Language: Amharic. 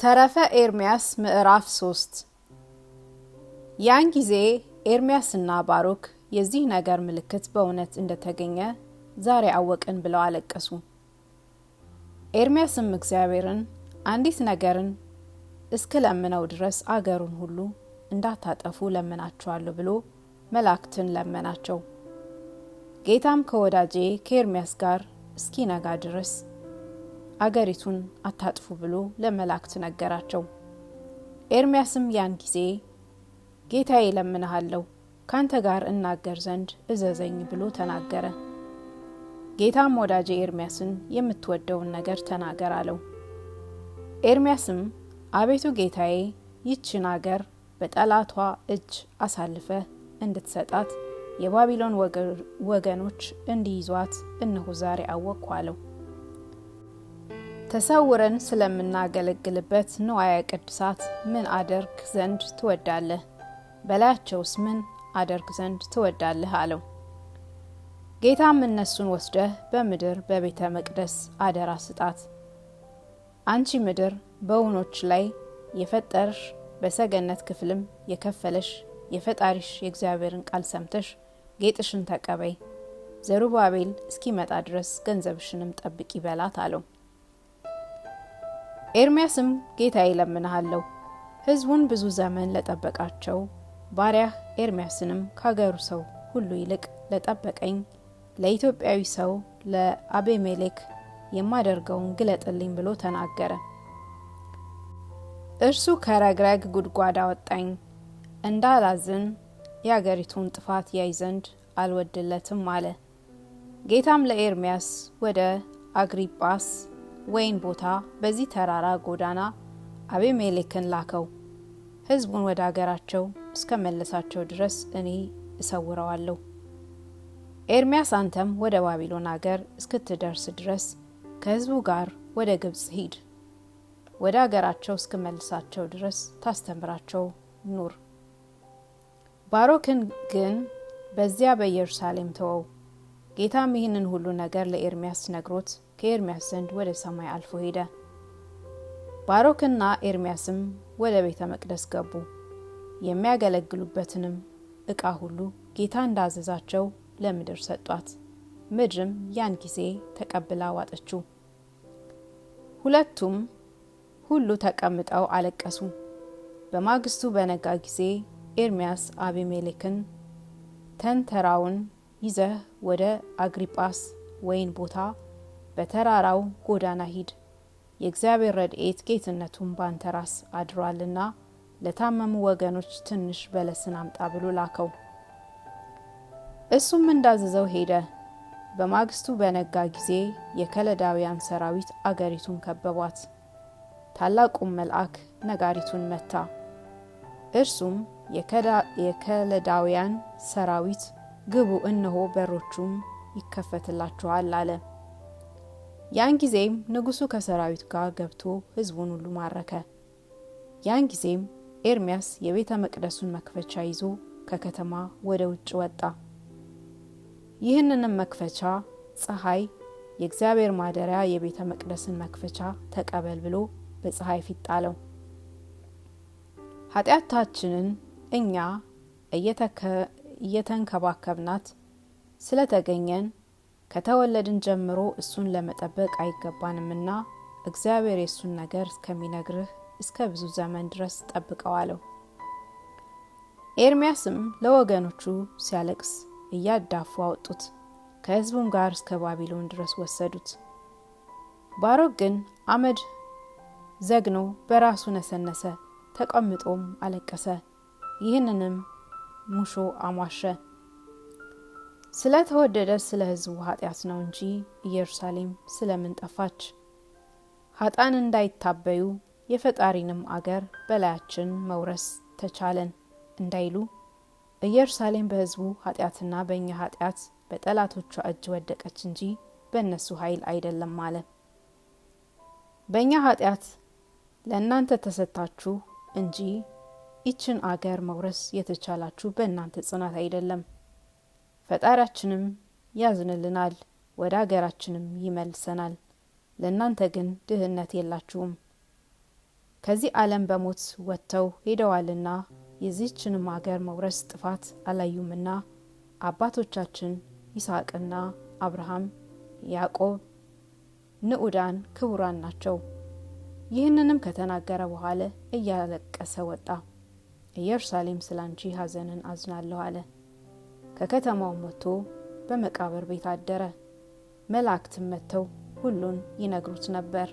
ተረፈ ኤርምያስ ምዕራፍ ሶስት ያን ጊዜ ኤርምያስና ባሮክ የዚህ ነገር ምልክት በእውነት እንደተገኘ ዛሬ አወቅን ብለው አለቀሱ። ኤርምያስም እግዚአብሔርን አንዲት ነገርን እስክለምነው ድረስ አገሩን ሁሉ እንዳታጠፉ ለምናችኋለሁ ብሎ መላእክትን ለመናቸው። ጌታም ከወዳጄ ከኤርምያስ ጋር እስኪነጋ ድረስ አገሪቱን አታጥፉ ብሎ ለመላእክት ነገራቸው። ኤርሚያስም ያን ጊዜ ጌታዬ ለምንሃለሁ ካንተ ጋር እናገር ዘንድ እዘዘኝ ብሎ ተናገረ። ጌታም ወዳጄ ኤርሚያስን የምትወደውን ነገር ተናገር አለው። ኤርሚያስም አቤቱ ጌታዬ ይችን አገር በጠላቷ እጅ አሳልፈ እንድትሰጣት የባቢሎን ወገኖች እንዲይዟት እነሆ ዛሬ አወቅኩ አለው። ተሰውረን ስለምናገለግልበት ንዋየ ቅድሳት ምን አደርግ ዘንድ ትወዳለህ? በላያቸውስ ምን አደርግ ዘንድ ትወዳለህ አለው። ጌታም እነሱን ወስደህ በምድር በቤተ መቅደስ አደራ ስጣት። አንቺ ምድር በውኖች ላይ የፈጠርሽ በሰገነት ክፍልም የከፈለሽ የፈጣሪሽ የእግዚአብሔርን ቃል ሰምተሽ ጌጥሽን ተቀበይ፣ ዘሩባቤል እስኪመጣ ድረስ ገንዘብሽንም ጠብቂ በላት አለው። ኤርምያስም ጌታ ይለምንሃለሁ ህዝቡን ብዙ ዘመን ለጠበቃቸው ባሪያህ ኤርምያስንም ካገሩ ሰው ሁሉ ይልቅ ለጠበቀኝ ለኢትዮጵያዊ ሰው ለአቤሜሌክ የማደርገውን ግለጥልኝ ብሎ ተናገረ። እርሱ ከረግረግ ጉድጓድ አወጣኝ፣ እንዳላዝን የአገሪቱን ጥፋት ያይ ዘንድ አልወድለትም አለ። ጌታም ለኤርምያስ ወደ አግሪጳስ ወይን ቦታ በዚህ ተራራ ጎዳና አቤሜሌክን ላከው። ህዝቡን ወደ አገራቸው እስከ መለሳቸው ድረስ እኔ እሰውረዋለሁ። ኤርሚያስ አንተም ወደ ባቢሎን አገር እስክትደርስ ድረስ ከህዝቡ ጋር ወደ ግብፅ ሂድ፣ ወደ አገራቸው እስክመልሳቸው ድረስ ታስተምራቸው ኑር። ባሮክን ግን በዚያ በኢየሩሳሌም ተወው። ጌታም ይህንን ሁሉ ነገር ለኤርሚያስ ነግሮት ከኤርሚያስ ዘንድ ወደ ሰማይ አልፎ ሄደ። ባሮክና ኤርሚያስም ወደ ቤተ መቅደስ ገቡ። የሚያገለግሉበትንም እቃ ሁሉ ጌታ እንዳዘዛቸው ለምድር ሰጧት። ምድርም ያን ጊዜ ተቀብላ ዋጠችው። ሁለቱም ሁሉ ተቀምጠው አለቀሱ። በማግስቱ በነጋ ጊዜ ኤርሚያስ አቢሜሌክን ተንተራውን ይዘህ ወደ አግሪጳስ ወይን ቦታ በተራራው ጎዳና ሂድ፣ የእግዚአብሔር ረድኤት ጌትነቱን ባንተ ራስ አድሯልና ለታመሙ ወገኖች ትንሽ በለስን አምጣ ብሎ ላከው። እሱም እንዳዘዘው ሄደ። በማግስቱ በነጋ ጊዜ የከለዳውያን ሰራዊት አገሪቱን ከበቧት። ታላቁም መልአክ ነጋሪቱን መታ። እርሱም የከለዳውያን ሰራዊት ግቡ እነሆ በሮቹም ይከፈትላችኋል አለ። ያን ጊዜም ንጉሱ ከሰራዊት ጋር ገብቶ ህዝቡን ሁሉ ማረከ። ያን ጊዜም ኤርሚያስ የቤተ መቅደሱን መክፈቻ ይዞ ከከተማ ወደ ውጭ ወጣ። ይህንንም መክፈቻ ፀሐይ የእግዚአብሔር ማደሪያ የቤተ መቅደስን መክፈቻ ተቀበል ብሎ በፀሐይ ፊት ጣለው። ኃጢአታችንን እኛ እየተንከባከብናት ስለተገኘን ከተወለድን ጀምሮ እሱን ለመጠበቅ አይገባንምና እግዚአብሔር የእሱን ነገር እስከሚነግርህ እስከ ብዙ ዘመን ድረስ ጠብቀው አለው። ኤርሚያስም ለወገኖቹ ሲያለቅስ እያዳፉ አወጡት፣ ከህዝቡም ጋር እስከ ባቢሎን ድረስ ወሰዱት። ባሮክ ግን አመድ ዘግኖ በራሱ ነሰነሰ፣ ተቀምጦም አለቀሰ። ይህንንም ሙሾ አሟሸ። ስለ ተወደደ ስለ ህዝቡ ኃጢአት ነው እንጂ ኢየሩሳሌም ስለምን ጠፋች? ኃጣን እንዳይታበዩ የፈጣሪንም አገር በላያችን መውረስ ተቻለን እንዳይሉ ኢየሩሳሌም በህዝቡ ኃጢአትና በእኛ ኃጢአት በጠላቶቿ እጅ ወደቀች እንጂ በእነሱ ኃይል አይደለም አለ። በእኛ ኃጢአት ለእናንተ ተሰታችሁ እንጂ ይችን አገር መውረስ የተቻላችሁ በእናንተ ጽናት አይደለም፣ ፈጣሪያችንም ያዝንልናል፣ ወደ አገራችንም ይመልሰናል። ለእናንተ ግን ድህነት የላችሁም፣ ከዚህ ዓለም በሞት ወጥተው ሄደዋልና የዚህችንም አገር መውረስ ጥፋት አላዩምና አባቶቻችን ይስሐቅና አብርሃም ያዕቆብ ንዑዳን ክቡራን ናቸው። ይህንንም ከተናገረ በኋላ እያለቀሰ ወጣ። ኢየሩሳሌም ስላንቺ ሐዘንን አዝናለሁ አለ። ከከተማውም ወጥቶ በመቃብር ቤት አደረ። መላእክትም መጥተው ሁሉን ይነግሩት ነበር።